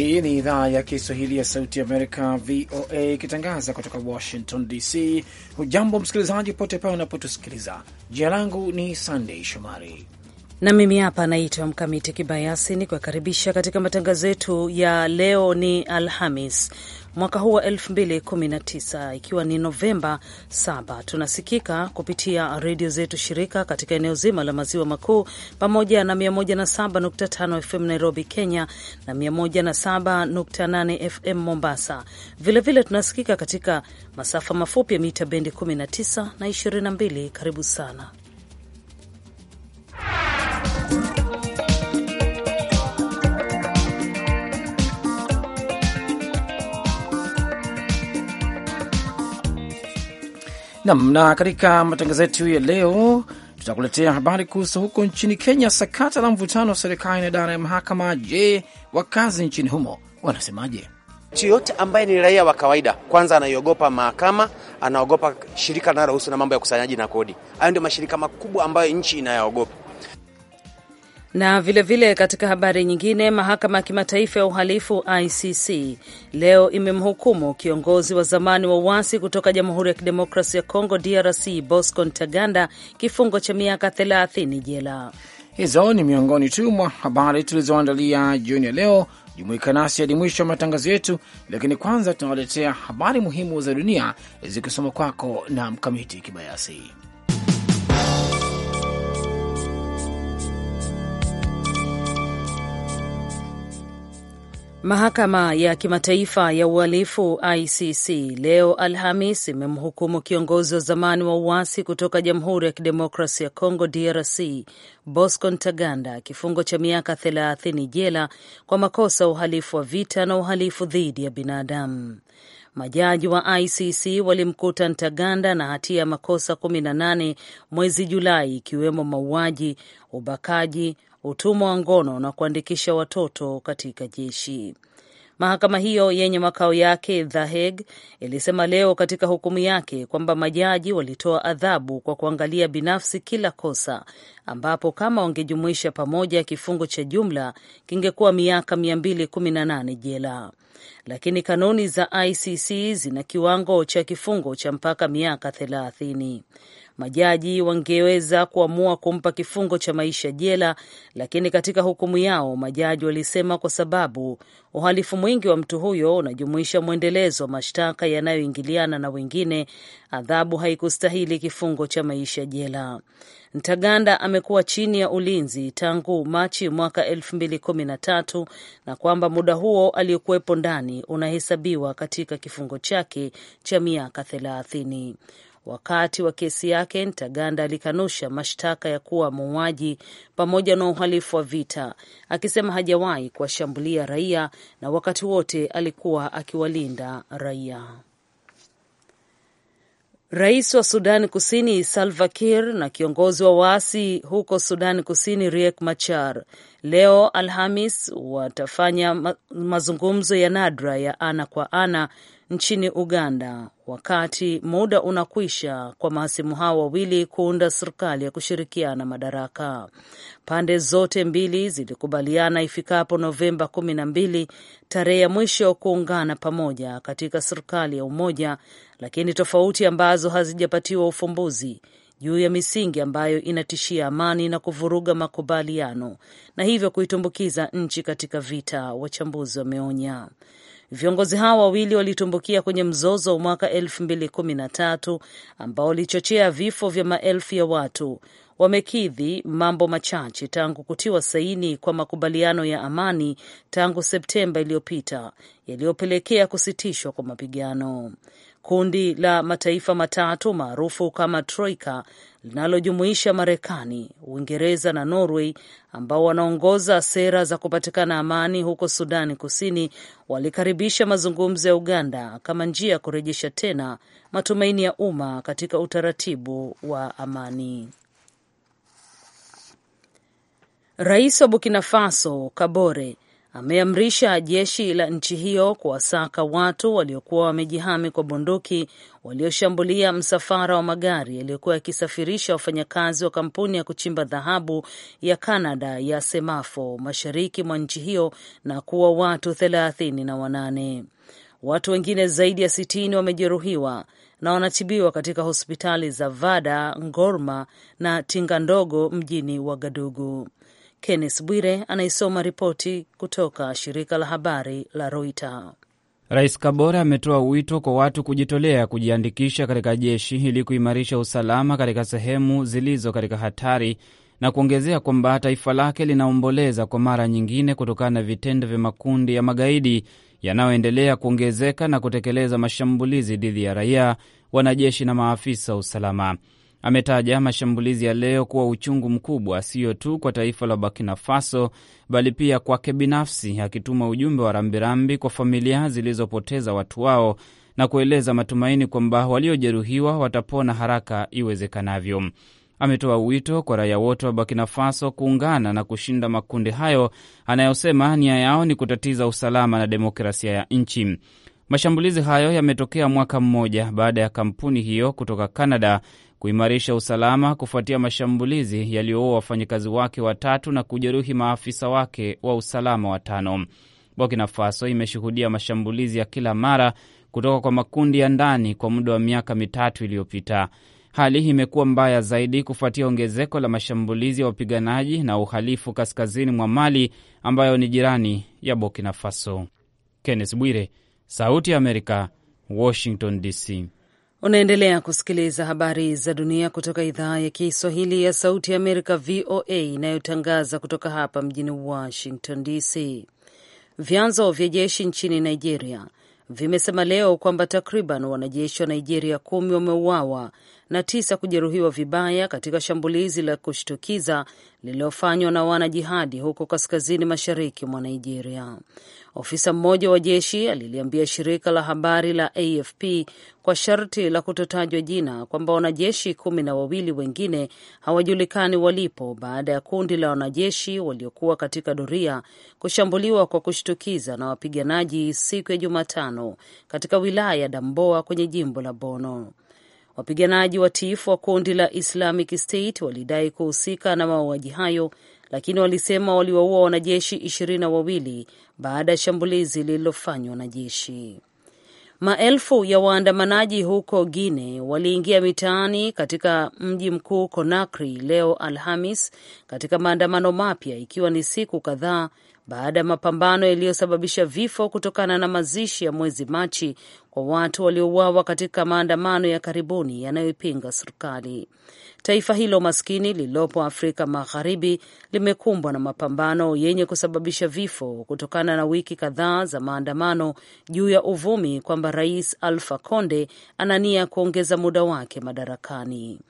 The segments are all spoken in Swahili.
Hii ni idhaa ya Kiswahili ya Sauti Amerika, VOA, ikitangaza kutoka Washington DC. Hujambo msikilizaji pote pale unapotusikiliza. Jina langu ni Sandei Shomari na mimi hapa naitwa Mkamiti Kibayasi ni kuwakaribisha katika matangazo yetu ya leo. Ni Alhamis mwaka huu wa 2019 ikiwa ni Novemba 7. Tunasikika kupitia redio zetu shirika katika eneo zima la maziwa makuu pamoja na 107.5 FM Nairobi, Kenya na 107.8 FM Mombasa. Vilevile vile tunasikika katika masafa mafupi ya mita bendi 19 na 22. Karibu sana Nam na, katika matangazo yetu ya leo tutakuletea habari kuhusu huko nchini Kenya, sakata la mvutano wa serikali na idara ya mahakama. Je, wakazi nchini humo wanasemaje? Mtu yoyote ambaye ni raia wa kawaida, kwanza anaiogopa mahakama, anaogopa shirika linalohusu na mambo ya kusanyaji na kodi. Hayo ndio mashirika makubwa ambayo nchi inayaogopa. Na vilevile vile katika habari nyingine, mahakama ya kimataifa ya uhalifu ICC leo imemhukumu kiongozi wa zamani wa uasi kutoka Jamhuri ya Kidemokrasi ya Kongo DRC Bosco Ntaganda kifungo cha miaka 30 jela. Hizo ni miongoni tu mwa habari tulizoandalia jioni ya leo. Jumuika nasi hadi mwisho wa matangazo yetu, lakini kwanza tunawaletea habari muhimu za dunia zikisoma kwako na Mkamiti Kibayasi. Mahakama ya Kimataifa ya Uhalifu ICC leo Alhamis imemhukumu kiongozi wa zamani wa uasi kutoka Jamhuri ya kidemokrasi ya congo DRC Bosco Ntaganda kifungo cha miaka 30 jela kwa makosa ya uhalifu wa vita na uhalifu dhidi ya binadamu. Majaji wa ICC walimkuta Ntaganda na hatia ya makosa 18 mwezi Julai, ikiwemo mauaji, ubakaji utumwa wa ngono na kuandikisha watoto katika jeshi. Mahakama hiyo yenye makao yake The Hague ilisema leo katika hukumu yake kwamba majaji walitoa adhabu kwa kuangalia binafsi kila kosa, ambapo kama wangejumuisha pamoja kifungo cha jumla kingekuwa miaka 218 jela, lakini kanuni za ICC zina kiwango cha kifungo cha mpaka miaka 30 majaji wangeweza kuamua kumpa kifungo cha maisha jela, lakini katika hukumu yao majaji walisema kwa sababu uhalifu mwingi wa mtu huyo unajumuisha mwendelezo wa mashtaka yanayoingiliana na wengine, adhabu haikustahili kifungo cha maisha jela. Ntaganda amekuwa chini ya ulinzi tangu Machi mwaka elfu mbili kumi na tatu na kwamba muda huo aliyokuwepo ndani unahesabiwa katika kifungo chake cha miaka thelathini. Wakati wa kesi yake, Ntaganda alikanusha mashtaka ya kuwa muuaji pamoja na uhalifu wa vita, akisema hajawahi kuwashambulia raia na wakati wote alikuwa akiwalinda raia. Rais wa Sudani Kusini Salva Kiir na kiongozi wa waasi huko Sudani Kusini Riek Machar leo Alhamis watafanya mazungumzo ya nadra ya ana kwa ana nchini Uganda wakati muda unakwisha kwa mahasimu hao wawili kuunda serikali ya kushirikiana madaraka. Pande zote mbili zilikubaliana ifikapo Novemba kumi na mbili, tarehe ya mwisho kuungana pamoja katika serikali ya umoja, lakini tofauti ambazo hazijapatiwa ufumbuzi juu ya misingi ambayo inatishia amani na kuvuruga makubaliano na hivyo kuitumbukiza nchi katika vita, wachambuzi wameonya. Viongozi hao wawili walitumbukia kwenye mzozo wa mwaka 2013 ambao ulichochea vifo vya maelfu ya watu. Wamekidhi mambo machache tangu kutiwa saini kwa makubaliano ya amani tangu Septemba iliyopita yaliyopelekea kusitishwa kwa mapigano. Kundi la mataifa matatu maarufu kama Troika linalojumuisha Marekani, Uingereza na Norway ambao wanaongoza sera za kupatikana amani huko Sudani Kusini walikaribisha mazungumzo ya Uganda kama njia ya kurejesha tena matumaini ya umma katika utaratibu wa amani. Rais wa Burkina Faso Kabore ameamrisha jeshi la nchi hiyo kuwasaka watu waliokuwa wamejihami kwa bunduki walioshambulia msafara wa magari yaliyokuwa yakisafirisha wafanyakazi wa kampuni ya kuchimba dhahabu ya canada ya Semafo mashariki mwa nchi hiyo na kuwa watu thelathini na wanane. Watu wengine zaidi ya sitini wamejeruhiwa na wanatibiwa katika hospitali za Vada, Ngorma na Tinga Ndogo mjini Wagadugu. Kenneth Bwire anaisoma ripoti kutoka shirika la habari la Reuters. Rais Kabore ametoa wito kwa watu kujitolea kujiandikisha katika jeshi ili kuimarisha usalama katika sehemu zilizo katika hatari na kuongezea kwamba taifa lake linaomboleza kwa mara nyingine kutokana na vitendo vya makundi ya magaidi yanayoendelea kuongezeka na kutekeleza mashambulizi dhidi ya raia, wanajeshi na maafisa wa usalama. Ametaja mashambulizi ya leo kuwa uchungu mkubwa, siyo tu kwa taifa la Burkina Faso bali pia kwake binafsi, akituma ujumbe wa rambirambi kwa familia zilizopoteza watu wao na kueleza matumaini kwamba waliojeruhiwa watapona haraka iwezekanavyo. Ametoa wito kwa raia wote wa Burkina Faso kuungana na kushinda makundi hayo anayosema nia yao ni kutatiza usalama na demokrasia ya nchi. Mashambulizi hayo yametokea mwaka mmoja baada ya kampuni hiyo kutoka Canada kuimarisha usalama kufuatia mashambulizi yaliyoua wafanyakazi wake watatu na kujeruhi maafisa wake wa usalama watano. Burkina Faso imeshuhudia mashambulizi ya kila mara kutoka kwa makundi ya ndani kwa muda wa miaka mitatu iliyopita. Hali imekuwa mbaya zaidi kufuatia ongezeko la mashambulizi ya wapiganaji na uhalifu kaskazini mwa Mali, ambayo ni jirani ya Burkina Faso. Kenneth Bwire, Sauti ya Amerika, Washington DC. Unaendelea kusikiliza habari za dunia kutoka idhaa ya Kiswahili ya Sauti ya Amerika, VOA, inayotangaza kutoka hapa mjini Washington DC. Vyanzo vya jeshi nchini Nigeria vimesema leo kwamba takriban wanajeshi wa Nigeria kumi wameuawa na tisa kujeruhiwa vibaya katika shambulizi la kushtukiza lililofanywa na wanajihadi huko kaskazini mashariki mwa Nigeria. Ofisa mmoja wa jeshi aliliambia shirika la habari la AFP kwa sharti la kutotajwa jina kwamba wanajeshi kumi na wawili wengine hawajulikani walipo baada ya kundi la wanajeshi waliokuwa katika doria kushambuliwa kwa kushtukiza na wapiganaji siku ya Jumatano katika wilaya ya Damboa kwenye jimbo la Borno. Wapiganaji watiifu wa kundi la Islamic State walidai kuhusika na mauaji hayo, lakini walisema waliwaua wanajeshi ishirini na wawili baada ya shambulizi lililofanywa na jeshi. Maelfu ya waandamanaji huko Guine waliingia mitaani katika mji mkuu Conakry leo Alhamis katika maandamano mapya, ikiwa ni siku kadhaa baada ya mapambano yaliyosababisha vifo kutokana na mazishi ya mwezi Machi wa watu waliouawa katika maandamano ya karibuni yanayoipinga serikali. Taifa hilo maskini lililopo Afrika Magharibi limekumbwa na mapambano yenye kusababisha vifo kutokana na wiki kadhaa za maandamano juu ya uvumi kwamba Rais Alpha Conde anania kuongeza muda wake madarakani.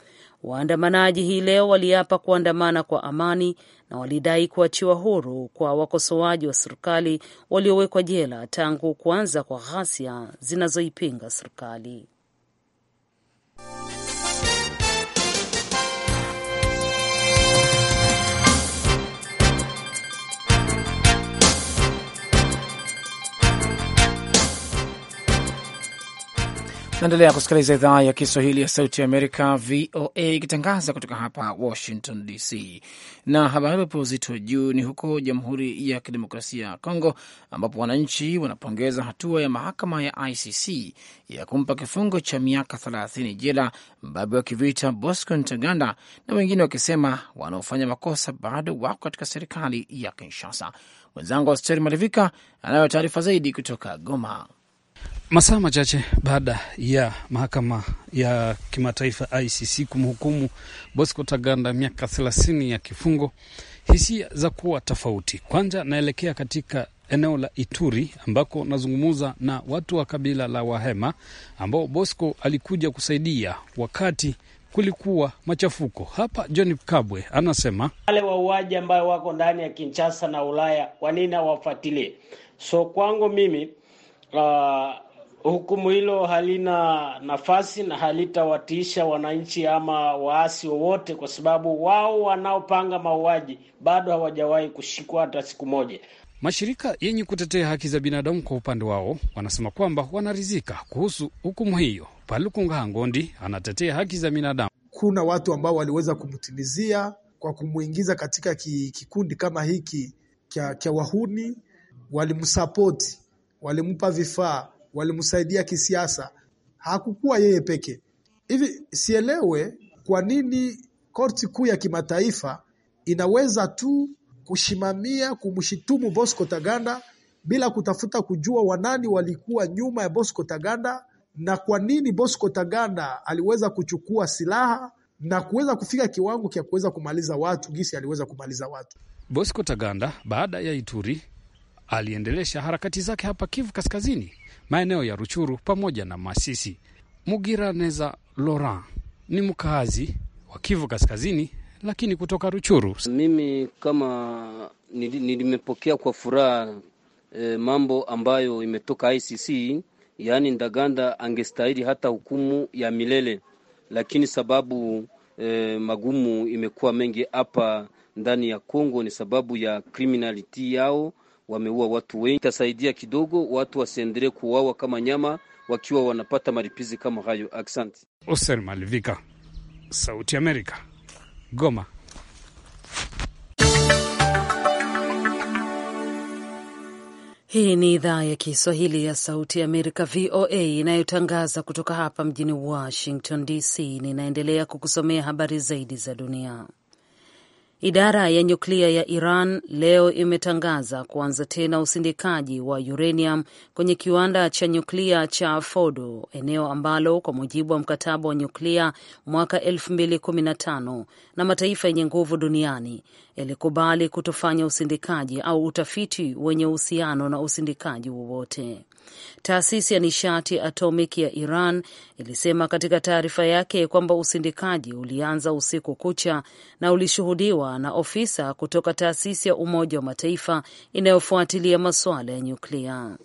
Waandamanaji hii leo waliapa kuandamana kwa amani na walidai kuachiwa huru kwa wakosoaji wa serikali waliowekwa jela tangu kuanza kwa ghasia zinazoipinga serikali. Naendelea kusikiliza idhaa ya Kiswahili ya Sauti ya Amerika, VOA, ikitangaza kutoka hapa Washington DC. Na habari iliyopewa uzito wa juu ni huko Jamhuri ya Kidemokrasia ya Kongo, ambapo wananchi wanapongeza hatua ya mahakama ya ICC ya kumpa kifungo cha miaka 30 jela mbabe wa kivita Bosco Ntaganda, na wengine wakisema wanaofanya makosa bado wako katika serikali ya Kinshasa. Mwenzangu Asteri Malivika anayo taarifa zaidi kutoka Goma. Masaa machache baada ya mahakama ya kimataifa ICC kumhukumu Bosco Taganda miaka thelathini ya kifungo, hisia za kuwa tofauti. Kwanza naelekea katika eneo la Ituri ambako nazungumza na watu wa kabila la Wahema ambao Bosco alikuja kusaidia wakati kulikuwa machafuko hapa. John Kabwe anasema wale wauaji ambayo wako ndani ya Kinshasa na Ulaya, kwa nini hawafuatilie? So kwangu mimi uh, hukumu hilo halina nafasi na halitawatiisha wananchi ama waasi wowote, kwa sababu wao wanaopanga mauaji bado hawajawahi kushikwa hata siku moja. Mashirika yenye kutetea haki za binadamu kwa upande wao wanasema kwamba wanaridhika kuhusu hukumu hiyo. Palukunga Ngondi anatetea haki za binadamu. Kuna watu ambao waliweza kumtimizia kwa kumwingiza katika kikundi kama hiki kya, kya wahuni, walimsapoti, walimpa vifaa walimsaidia kisiasa, hakukuwa yeye peke. Hivi sielewe kwa nini korti kuu ya kimataifa inaweza tu kushimamia kumshitumu Bosco Taganda bila kutafuta kujua wanani walikuwa nyuma ya Bosco Taganda na kwa nini Bosco Taganda aliweza kuchukua silaha na kuweza kufika kiwango cha kuweza kumaliza watu gisi aliweza kumaliza watu. Bosco Taganda baada ya Ituri aliendelesha harakati zake hapa Kivu Kaskazini maeneo ya Ruchuru pamoja na Masisi. Mugira Neza Laurent ni mkaazi wa Kivu Kaskazini, lakini kutoka Ruchuru. Mimi kama nilimepokea kwa furaha e, mambo ambayo imetoka ICC, yaani Ndaganda angestahili hata hukumu ya milele, lakini sababu e, magumu imekuwa mengi hapa ndani ya Kongo ni sababu ya kriminality yao wameua watu wengi. Itasaidia kidogo watu wasiendelee kuuawa kama nyama wakiwa wanapata maripizi kama hayo. Aksanti. Oser Malivika, Sauti Amerika, Goma. Hii ni idhaa ya Kiswahili ya Sauti ya Amerika, VOA, inayotangaza kutoka hapa mjini Washington DC. Ninaendelea kukusomea habari zaidi za dunia. Idara ya nyuklia ya Iran leo imetangaza kuanza tena usindikaji wa uranium kwenye kiwanda cha nyuklia cha Fordo, eneo ambalo kwa mujibu wa mkataba wa nyuklia mwaka 2015 na mataifa yenye nguvu duniani yalikubali kutofanya usindikaji au utafiti wenye uhusiano na usindikaji wowote. Taasisi ya nishati atomic ya Iran ilisema katika taarifa yake kwamba usindikaji ulianza usiku kucha na ulishuhudiwa na ofisa kutoka taasisi ya Umoja wa Mataifa inayofuatilia masuala ya nyuklia.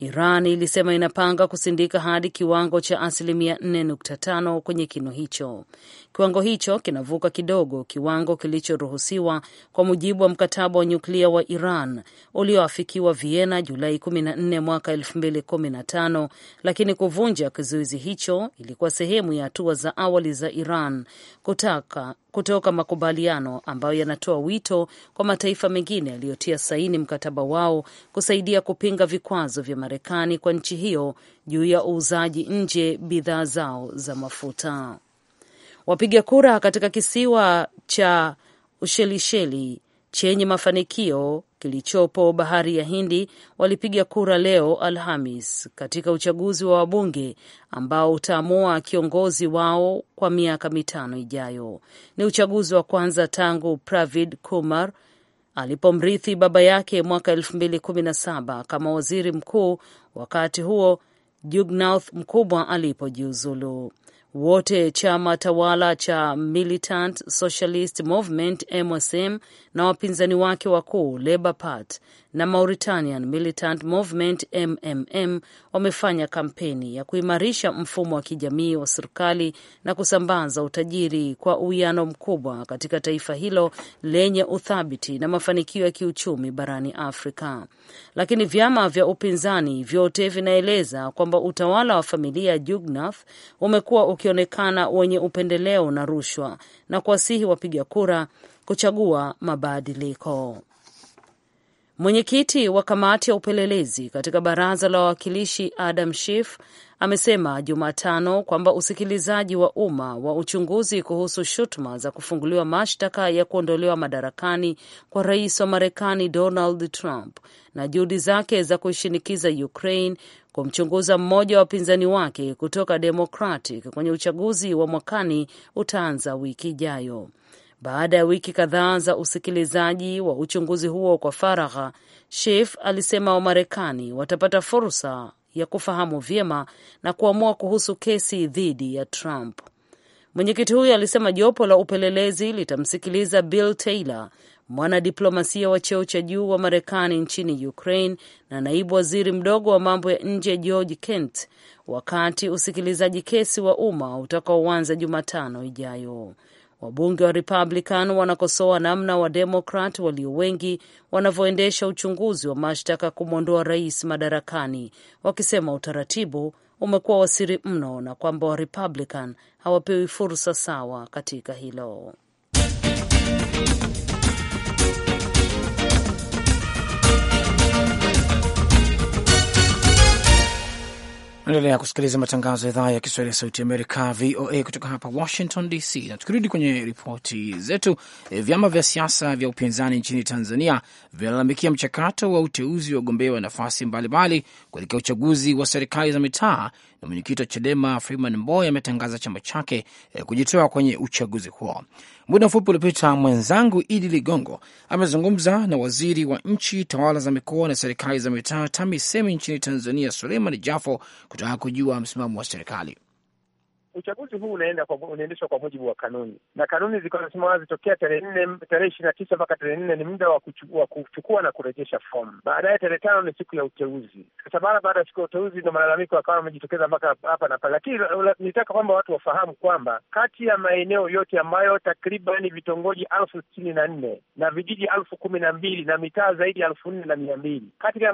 Iran ilisema inapanga kusindika hadi kiwango cha asilimia 4.5 kwenye kinu hicho. Kiwango hicho kinavuka kidogo kiwango kilichoruhusiwa kwa mujibu wa mkataba wa nyuklia wa Iran ulioafikiwa Vienna Julai 14 mwaka 2015, lakini kuvunja kizuizi hicho ilikuwa sehemu ya hatua za awali za Iran kutaka kutoka makubaliano ambayo yanatoa wito kwa mataifa mengine yaliyotia saini mkataba wao kusaidia kupinga vikwazo vya Marekani kwa nchi hiyo juu ya uuzaji nje bidhaa zao za mafuta. Wapiga kura katika kisiwa cha Ushelisheli chenye mafanikio kilichopo bahari ya Hindi walipiga kura leo Alhamis katika uchaguzi wa wabunge ambao utaamua kiongozi wao kwa miaka mitano ijayo. Ni uchaguzi wa kwanza tangu Pravid Kumar alipomrithi baba yake mwaka elfu kama waziri mkuu, wakati huo Jugnauth Mkubwa alipojiuzulu wote chama tawala cha Militant Socialist Movement MSM na wapinzani wake wakuu Labour Party na Mauritanian Militant Movement MMM wamefanya kampeni ya kuimarisha mfumo wa kijamii wa serikali na kusambaza utajiri kwa uwiano mkubwa katika taifa hilo lenye uthabiti na mafanikio ya kiuchumi barani Afrika. Lakini vyama vya upinzani vyote vinaeleza kwamba utawala wa familia ya Jugnaf umekuwa ukionekana wenye upendeleo na rushwa na kuwasihi wapiga kura kuchagua mabadiliko. Mwenyekiti wa kamati ya upelelezi katika baraza la wawakilishi Adam Schiff amesema Jumatano kwamba usikilizaji wa umma wa uchunguzi kuhusu shutuma za kufunguliwa mashtaka ya kuondolewa madarakani kwa rais wa Marekani Donald Trump na juhudi zake za kuishinikiza Ukraine kumchunguza mmoja wa wapinzani wake kutoka Democratic kwenye uchaguzi wa mwakani utaanza wiki ijayo. Baada ya wiki kadhaa za usikilizaji wa uchunguzi huo kwa faragha, Schiff alisema Wamarekani watapata fursa ya kufahamu vyema na kuamua kuhusu kesi dhidi ya Trump. Mwenyekiti huyo alisema jopo la upelelezi litamsikiliza Bill Taylor, mwanadiplomasia wa cheo cha juu wa Marekani nchini Ukraine na naibu waziri mdogo wa mambo ya nje George Kent, wakati usikilizaji kesi wa umma utakaoanza Jumatano ijayo. Wabunge wa Republican wanakosoa namna Wademokrat walio wengi wanavyoendesha uchunguzi wa mashtaka kumwondoa rais madarakani, wakisema utaratibu umekuwa wasiri mno na kwamba Warepublican hawapewi fursa sawa katika hilo. Naendelea kusikiliza matangazo ya idhaa ya Kiswahili ya Sauti Amerika, VOA, kutoka hapa Washington DC. Na tukirudi kwenye ripoti zetu, eh, vyama vya siasa vya upinzani nchini Tanzania vinalalamikia mchakato wa uteuzi wa wagombea wa nafasi mbalimbali kuelekea uchaguzi wa serikali za mitaa mwenyekiti wa Chadema Freeman Mbowe ametangaza chama chake eh, kujitoa kwenye uchaguzi huo. Muda mfupi uliopita, mwenzangu Idi Ligongo amezungumza na waziri wa nchi, tawala za mikoa na serikali za mitaa, TAMISEMI nchini Tanzania, Suleiman Jafo, kutaka kujua msimamo wa serikali uchaguzi huu unaenda kwa, unaendeshwa kwa mujibu wa kanuni na kanuni zilikuwa zinasema wazi tokea tarehe nne tarehe ishirini na tisa mpaka tarehe nne ni muda wa kuchukua na kurejesha fomu. Baadaye tarehe tano ni siku ya uteuzi. Sasa mara baada ya siku ya uteuzi ndo malalamiko yakawa amejitokeza mpaka hapa na pale, lakini nitaka kwamba watu wafahamu kwamba kati ya maeneo yote ambayo takriban vitongoji elfu sitini na nne na vijiji elfu kumi na mbili na mitaa zaidi ya elfu nne na mia mbili katika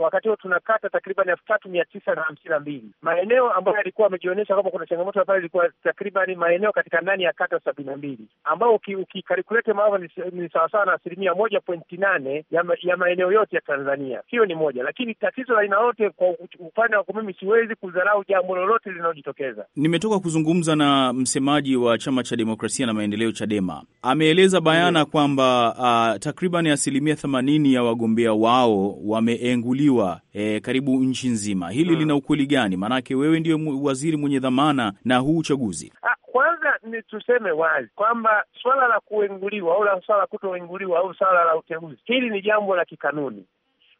wakati huo tunakata takriban elfu tatu mia tisa na hamsini na mbili maeneo ambayo yalikuwa yamejionyesha kwamba kuna changamoto ambayo ilikuwa takriban maeneo katika ndani ya kata sabini na mbili ambao ukikarikulete ambavyo ni sawasawa na asilimia moja pointi nane ya, ma, ya maeneo yote ya Tanzania. Hiyo ni moja, lakini tatizo la aina yote kwa upande wangu mimi siwezi kudharau jambo lolote linalojitokeza. Nimetoka kuzungumza na msemaji wa chama cha demokrasia na maendeleo Chadema, ameeleza bayana yeah, mm. kwamba uh, takriban asilimia themanini ya wagombea wao wameenguliwa e, karibu nchi nzima. Hili hmm, lina ukweli gani? Maanake wewe ndiyo waziri mwenye dhamana na huu uchaguzi. Ah, kwanza ni tuseme wazi kwamba swala la kuenguliwa au la swala la kutoenguliwa au swala la uteuzi, hili ni jambo la kikanuni.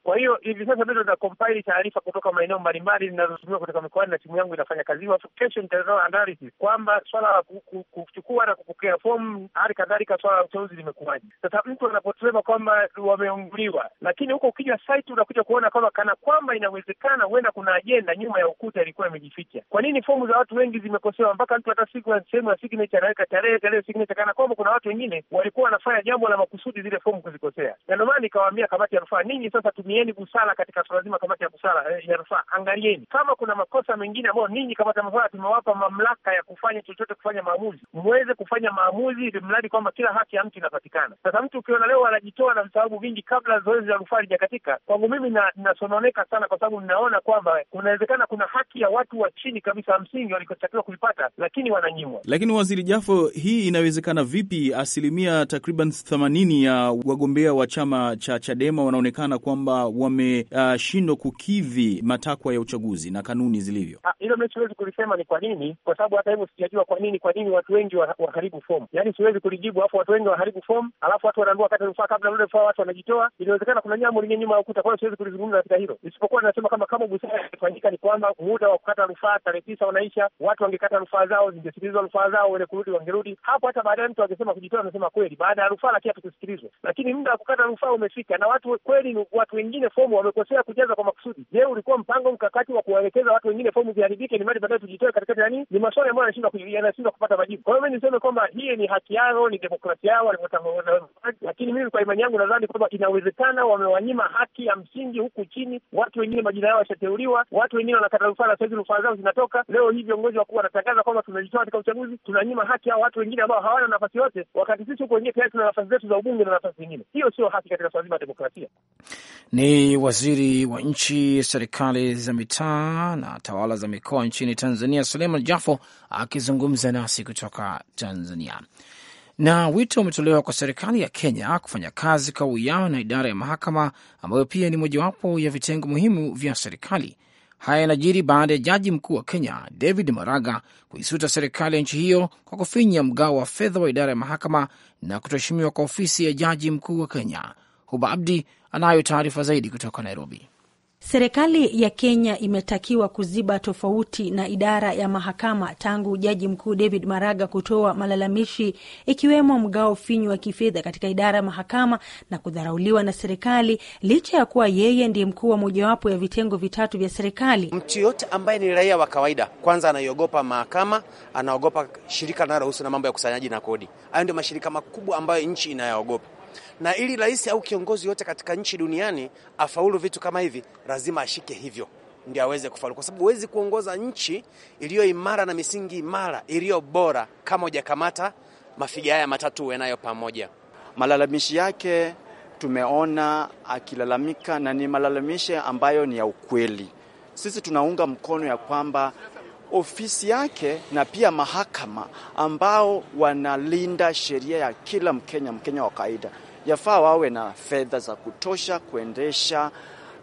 Kwa hiyo hivi sasa bado na compile taarifa kutoka maeneo mbalimbali zinazotumiwa kutoka mikoani na timu yangu inafanya kazi hiyo, kesho nitatoa analysis kwamba swala la kuchukua na kupokea fomu, hali kadhalika swala la uteuzi limekuwaje. Sasa mtu anaposema kwamba wameunguliwa, lakini huko ukija site unakuja kuona kwamba kana kwamba inawezekana huenda kuna ajenda nyuma ya ukuta ilikuwa imejificha. Kwa nini fomu za watu wengi zimekosewa mpaka mtu hata sehemu ya signature anaweka tarehe tarehe signature, kana kwamba kuna watu wengine walikuwa wanafanya jambo la makusudi zile fomu kuzikosea, na ndio maana nikawaambia kamati ya rufaa, ninyi sasa tumi tumieni busara katika suala zima. Kamati ya busara eh, ya rufaa, angalieni kama kuna makosa mengine ambayo ninyi kamati ya rufaa tumewapa mamlaka ya kufanya chochote, kufanya maamuzi, mweze kufanya maamuzi ili mradi kwamba kila haki ya mtu inapatikana. Sasa mtu ukiona leo anajitoa na visababu vingi kabla zoezi la rufaa lijakatika, kwangu mimi na, nasononeka sana, kwa sababu ninaona kwamba kunawezekana kuna haki ya watu wa chini kabisa msingi walikotakiwa kuipata, lakini wananyimwa. Lakini Waziri Jafo, hii inawezekana vipi? Asilimia takriban themanini ya wagombea wa chama cha Chadema wanaonekana kwamba wameshindwa uh, kukidhi matakwa ya uchaguzi na kanuni zilivyo. Ah, hilo mi siwezi kulisema ni kwa nini, kwa sababu hata hivyo sijajua kwa nini, kwa nini watu wengi waharibu fomu, yaani siwezi kulijibu. Alafu watu wengi waharibu fomu, alafu watu wanaambiwa kata rufaa, kabla ya rufaa watu wanajitoa. Inawezekana kuna jambo lenye nyuma ya ukuta, kwa hiyo siwezi kulizungumza katika hilo, isipokuwa nasema kama kama busara ilifanyika ni kwamba muda wa kukata rufaa tarehe tisa wanaisha watu wangekata rufaa zao, zingesikilizwa rufaa zao, wene kurudi wangerudi hapo. Hata baadaye mtu angesema kujitoa, anasema kweli, baada ya rufaa lakini hatukusikilizwa, lakini muda wa kukata rufaa umefika na watu kweli, watu wengi wengine fomu wamekosea kujaza kwa makusudi. Je, ulikuwa mpango mkakati wa kuwaelekeza watu wengine fomu ziharibike ni mali baadaye tujitoe katikati Yani Ni maswali ambayo yanashindwa kupata majibu. Kwa hiyo mi niseme kwamba hii ni haki yao, ni demokrasia yao walivyotangaza, lakini mimi kwa imani yangu nadhani kwamba inawezekana wamewanyima haki ya msingi huku chini. Watu wengine majina yao yashateuliwa, watu wengine wanakata rufaa na sahizi rufaa zao zinatoka. Leo hii viongozi wakuu wanatangaza kwamba tunajitoa katika uchaguzi, tunanyima haki hao watu wengine ambao hawana nafasi yote, wakati sisi huku wengine tayari tuna nafasi zetu za ubunge na nafasi zingine. Hiyo sio haki katika swala zima la demokrasia. Ni waziri wa nchi, serikali za mitaa na tawala za mikoa nchini Tanzania, Suleiman Jafo akizungumza nasi kutoka Tanzania. Na wito umetolewa kwa serikali ya Kenya kufanya kazi kwa uwiano na idara ya mahakama ambayo pia ni mojawapo ya vitengo muhimu vya serikali. Haya yanajiri baada ya jaji mkuu wa Kenya David Maraga kuisuta serikali ya nchi hiyo kwa kufinya mgao wa fedha wa idara ya mahakama na kutoheshimiwa kwa ofisi ya jaji mkuu wa Kenya. Huba Abdi anayo taarifa zaidi kutoka Nairobi. Serikali ya Kenya imetakiwa kuziba tofauti na idara ya mahakama tangu jaji mkuu David Maraga kutoa malalamishi ikiwemo mgao finyu wa kifedha katika idara ya mahakama na kudharauliwa na serikali, licha ya kuwa yeye ndiye mkuu wa mojawapo ya vitengo vitatu vya serikali. Mtu yoyote ambaye ni raia wa kawaida, kwanza anaiogopa mahakama, anaogopa shirika linalohusu na mambo ya kusanyaji na kodi. Hayo ndio mashirika makubwa ambayo nchi inayaogopa na ili rais au kiongozi yote katika nchi duniani afaulu vitu kama hivi, lazima ashike hivyo ndio aweze kufaulu, kwa sababu huwezi kuongoza nchi iliyo imara na misingi imara iliyo bora kama hujakamata mafiga haya matatu uwe nayo pamoja. Malalamishi yake tumeona akilalamika, na ni malalamishi ambayo ni ya ukweli. Sisi tunaunga mkono ya kwamba ofisi yake na pia mahakama ambao wanalinda sheria ya kila Mkenya, Mkenya wa kawaida yafaa wawe na fedha za kutosha kuendesha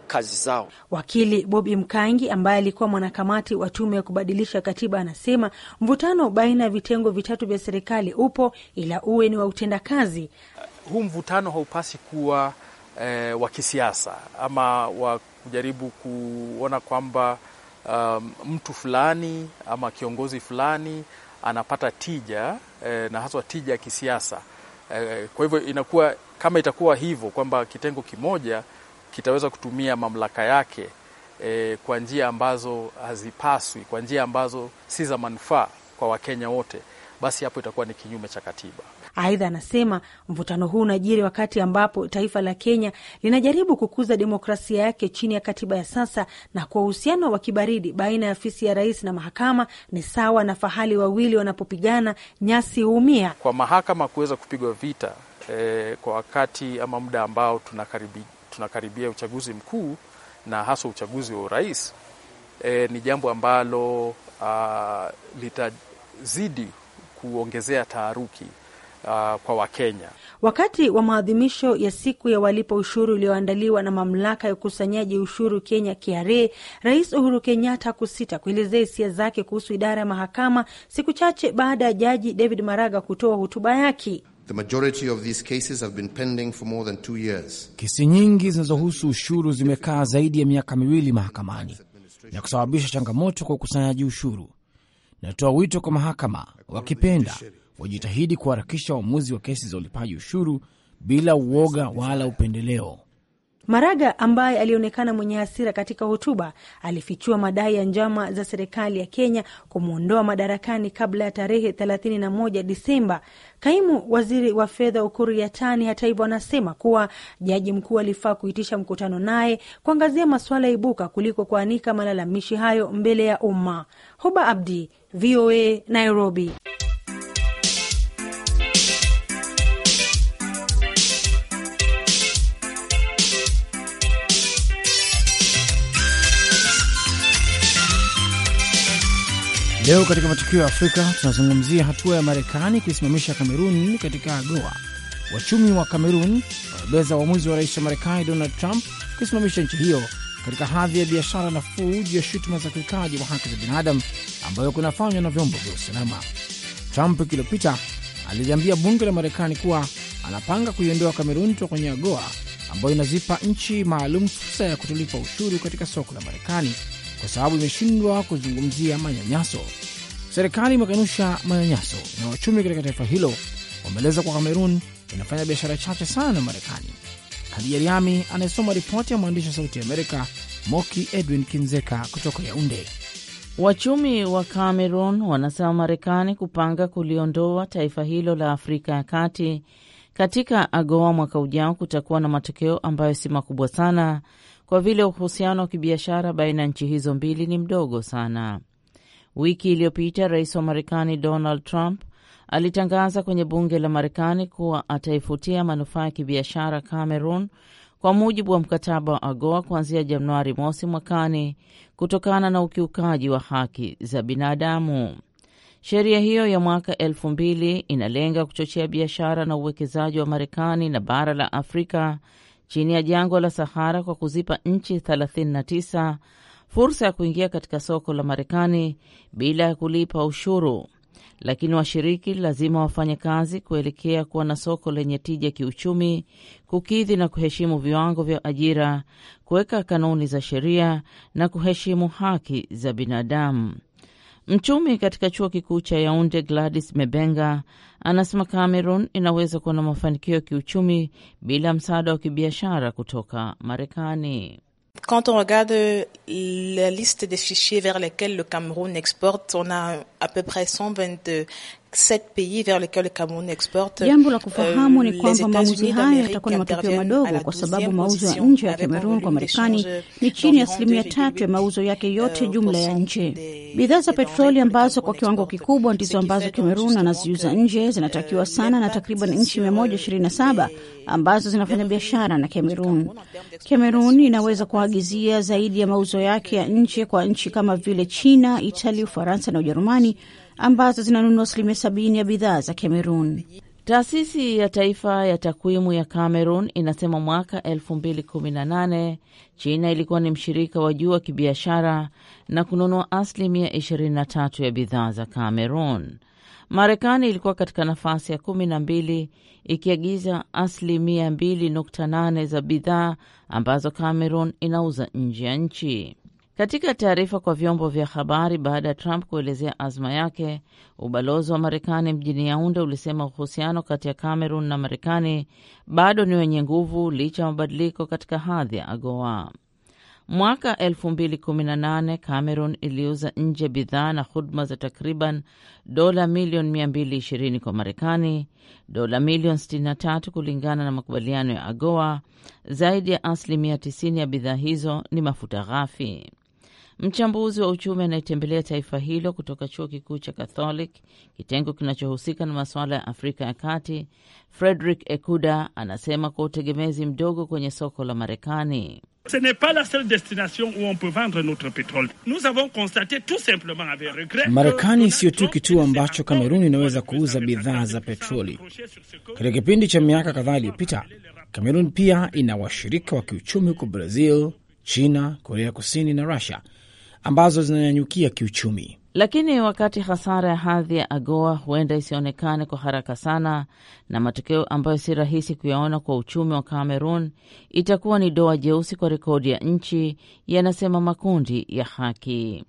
kazi zao. Wakili Bobi Mkangi ambaye alikuwa mwanakamati wa tume ya kubadilisha katiba anasema mvutano baina ya vitengo vitatu vya serikali upo, ila uwe ni wa utendakazi. Uh, huu mvutano haupasi kuwa eh, wa kisiasa ama wa kujaribu kuona kwamba um, mtu fulani ama kiongozi fulani anapata tija eh, na haswa tija ya kisiasa Eh, kwa hivyo inakuwa kama itakuwa hivyo kwamba kitengo kimoja kitaweza kutumia mamlaka yake e, kwa njia ambazo hazipaswi, kwa njia ambazo si za manufaa kwa Wakenya wote, basi hapo itakuwa ni kinyume cha katiba. Aidha, anasema mvutano huu unajiri wakati ambapo taifa la Kenya linajaribu kukuza demokrasia yake chini ya katiba ya sasa, na kwa uhusiano wa kibaridi baina ya afisi ya rais na mahakama ni sawa na fahali wawili wanapopigana, nyasi huumia. Kwa mahakama kuweza kupigwa vita eh, kwa wakati ama muda ambao tunakaribia, tunakaribia uchaguzi mkuu na haswa uchaguzi wa urais eh, ni jambo ambalo ah, litazidi kuongezea taharuki uh, kwa Wakenya. Wakati wa maadhimisho ya siku ya walipa ushuru iliyoandaliwa na mamlaka ya ukusanyaji ushuru Kenya, KRA, Rais Uhuru Kenyatta kusita kuelezea hisia zake kuhusu idara ya mahakama, siku chache baada ya Jaji David Maraga kutoa hotuba yake. Kesi nyingi zinazohusu ushuru zimekaa zaidi ya miaka miwili mahakamani na kusababisha changamoto kwa ukusanyaji ushuru. Natoa wito kwa mahakama, wakipenda wajitahidi kuharakisha uamuzi wa kesi za ulipaji ushuru bila uoga wala upendeleo. Maraga ambaye alionekana mwenye hasira katika hotuba alifichua madai ya njama za serikali ya Kenya kumwondoa madarakani kabla ya tarehe 31 Disemba. Kaimu waziri wa fedha Ukuru Yatani, hata hivyo, anasema kuwa jaji mkuu alifaa kuitisha mkutano naye kuangazia masuala ya ibuka kuliko kuanika malalamishi hayo mbele ya umma. Huba Abdi, VOA, Nairobi. Leo katika matukio ya Afrika tunazungumzia hatua ya Marekani kuisimamisha Kamerun katika AGOA. Wachumi wa Kamerun wamebeza uamuzi wa rais wa Marekani Donald Trump kuisimamisha nchi hiyo katika hadhi ya biashara nafuu juu ya shutuma za ukiukaji wa haki za binadamu ambayo kunafanywa na vyombo vya usalama. Trump wiki iliyopita aliliambia bunge la Marekani kuwa anapanga kuiondoa Kamerun toka kwenye AGOA ambayo inazipa nchi maalum fursa ya kutolipa ushuru katika soko la Marekani kwa sababu imeshindwa kuzungumzia manyanyaso. Serikali imekanusha manyanyaso, na wachumi katika taifa hilo wameeleza kwa Kamerun inafanya biashara chache sana na Marekani. Hadija Riami anayesoma ripoti ya mwandishi wa Sauti ya Amerika Moki Edwin Kinzeka kutoka Yaunde. Wachumi wa Cameron wanasema Marekani kupanga kuliondoa taifa hilo la Afrika ya Kati katika AGOA mwaka ujao kutakuwa na matokeo ambayo si makubwa sana kwa vile uhusiano wa kibiashara baina ya nchi hizo mbili ni mdogo sana. Wiki iliyopita rais wa Marekani Donald Trump alitangaza kwenye bunge la Marekani kuwa ataifutia manufaa ya kibiashara Cameroon kwa mujibu wa mkataba wa AGOA kuanzia Januari mosi mwakani kutokana na ukiukaji wa haki za binadamu. Sheria hiyo ya mwaka elfu mbili inalenga kuchochea biashara na uwekezaji wa Marekani na bara la Afrika chini ya jangwa la Sahara kwa kuzipa nchi 39 fursa ya kuingia katika soko la Marekani bila ya kulipa ushuru, lakini washiriki lazima wafanye kazi kuelekea kuwa na soko lenye tija kiuchumi, kukidhi na kuheshimu viwango vya ajira, kuweka kanuni za sheria na kuheshimu haki za binadamu. Mchumi katika chuo kikuu cha Yaunde, Gladys Mebenga, anasema Cameroon inaweza kuwa na mafanikio ya kiuchumi bila msaada wa kibiashara kutoka Marekani. Quand on regarde la liste des fichiers vers lesquels le Cameroun exporte, on a à peu près 122 sept pays vers lesquels le Cameroun exporte. Jambo la kufahamu euh, ni kwamba mauzo haya yatakuwa na matokeo madogo, kwa sababu mauzo ya nje ya Cameroon kwa Marekani ni chini ya asilimia tatu ya mauzo yake yote jumla ya nje. Bidhaa za petroli ambazo kwa kiwango kikubwa ndizo ambazo Cameroon anaziuza nje zinatakiwa euh, sana na takriban nchi 127 euh, ambazo zinafanya biashara na Cameroon. Cameroon inaweza kuagizia zaidi ya mauzo yake ya nje kwa nchi kama vile China, Italia, Ufaransa na Ujerumani ambazo zinanunua asilimia sabini ya bidhaa za Cameroon. Taasisi ya Taifa ya Takwimu ya Cameroon inasema mwaka 2018 China ilikuwa ni mshirika wa juu wa kibiashara na kununua asilimia 23 ya bidhaa za Cameroon. Marekani ilikuwa katika nafasi ya kumi na mbili ikiagiza asilimia 2.8 za bidhaa ambazo Cameroon inauza nje ya nchi. Katika taarifa kwa vyombo vya habari baada ya Trump kuelezea azma yake, ubalozi wa Marekani mjini Yaunde ulisema uhusiano kati ya Cameroon na Marekani bado ni wenye nguvu licha ya mabadiliko katika hadhi ya AGOA. Mwaka 2018 Cameroon iliuza nje bidhaa na huduma za takriban dola milioni 220 kwa Marekani, dola milioni 63 kulingana na makubaliano ya AGOA. Zaidi ya asilimia 90 ya bidhaa hizo ni mafuta ghafi. Mchambuzi wa uchumi anayetembelea taifa hilo kutoka chuo kikuu cha Catholic, kitengo kinachohusika na masuala ya Afrika ya Kati, Frederick Ekuda anasema kwa utegemezi mdogo kwenye soko la Marekani. Ce n'est pas la seule destination où on peut vendre notre Nous avons tout simplement avec regret. Marekani siyo tu kituo ambacho Kamerun inaweza kuuza bidhaa za petroli. Katika kipindi cha miaka kadhaa iliyopita, Kamerun pia ina washirika wa kiuchumi huko Brazil, China, Korea Kusini na Rusia ambazo zinanyanyukia kiuchumi. Lakini wakati hasara ya hadhi ya AGOA huenda isionekane kwa haraka sana, na matokeo ambayo si rahisi kuyaona kwa uchumi wa Kamerun itakuwa ni doa jeusi kwa rekodi ya nchi, yanasema makundi ya haki.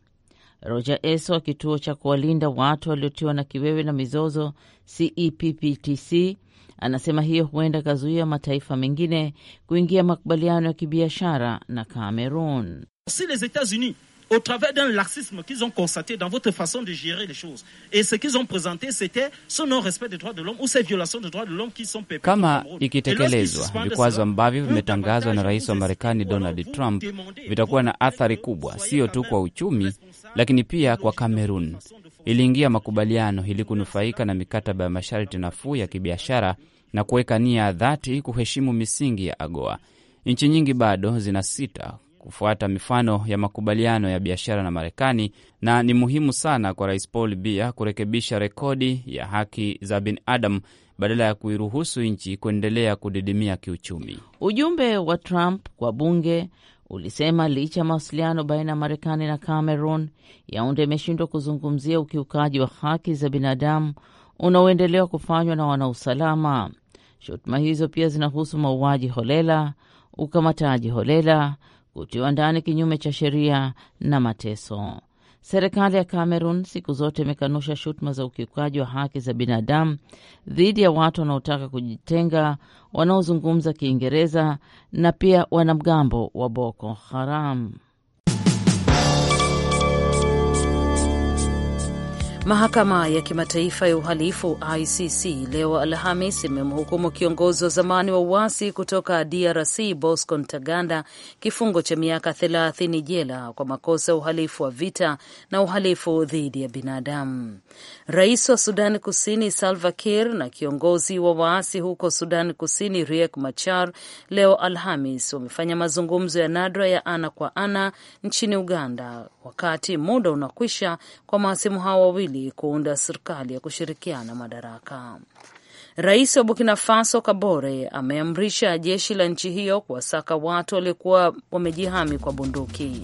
Roger Eso wa kituo cha kuwalinda watu waliotiwa na kiwewe na mizozo CEPPTC e anasema hiyo huenda kazuia mataifa mengine kuingia makubaliano ya kibiashara na Kamerun. Si les Etats-Unis au travers d'un laxisme qu'ils ont constaté dans votre façon de gérer les choses. Et ce qu'ils ont présenté, c'était ce non-respect des droits de l'homme ou ces violations des droits de l'homme qui sont kama ikitekelezwa, vikwazo ambavyo vimetangazwa na rais wa Marekani Donald Trump vitakuwa na athari kubwa, sio tu kwa uchumi, lakini pia kwa Kamerun. Iliingia makubaliano ili kunufaika na mikataba ya masharti nafuu ya kibiashara na kuweka nia ya dhati kuheshimu misingi ya AGOA. Nchi nyingi bado zinasita kufuata mifano ya makubaliano ya biashara na Marekani, na ni muhimu sana kwa Rais Paul Biya kurekebisha rekodi ya haki za binadamu badala ya kuiruhusu nchi kuendelea kudidimia kiuchumi. Ujumbe wa Trump kwa bunge ulisema licha ya mawasiliano baina ya Marekani na cameron Yaunde imeshindwa kuzungumzia ukiukaji wa haki za binadamu unaoendelewa kufanywa na wanausalama. Shutuma hizo pia zinahusu mauaji holela, ukamataji holela, kutiwa ndani kinyume cha sheria na mateso. Serikali ya Cameroon siku zote imekanusha shutuma za ukiukaji wa haki za binadamu dhidi ya watu wanaotaka kujitenga, wanaozungumza Kiingereza na pia wanamgambo wa Boko Haram. Mahakama ya Kimataifa ya Uhalifu ICC leo Alhamis imemhukumu kiongozi wa zamani wa uasi kutoka DRC Bosco Ntaganda kifungo cha miaka 30 jela kwa makosa ya uhalifu wa vita na uhalifu dhidi ya binadamu. Rais wa Sudani Kusini Salva Kiir na kiongozi wa waasi huko Sudani Kusini Riek Machar leo Alhamis wamefanya mazungumzo ya nadra ya ana kwa ana nchini Uganda, wakati muda unakwisha kwa maasimu hao wawili Kiswahili kuunda serikali ya kushirikiana madaraka. Rais wa Burkina Faso Kabore ameamrisha jeshi la nchi hiyo kuwasaka watu waliokuwa wamejihami kwa bunduki.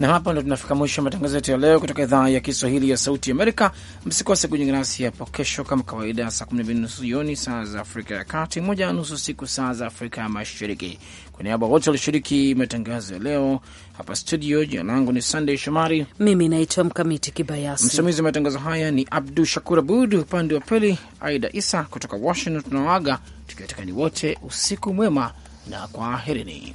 Na hapa ndo tunafika mwisho matangazo yetu ya leo kutoka idhaa ya Kiswahili ya Sauti Amerika. Msikose kujiunga nasi hapo kesho kama kawaida, saa kumi na mbili nusu jioni saa za Afrika ya Kati, moja na nusu siku saa za Afrika ya Mashariki. Kwa niaba wote walishiriki matangazo ya leo hapa studio, jina langu ni Sandey Shomari, mimi naitwa Mkamiti Kibayasi. Msimamizi wa matangazo haya ni Abdu Shakur Abud, upande wa pili Aida Isa kutoka Washington. Tunawaaga tukiwatakani wote usiku mwema na kwaherini.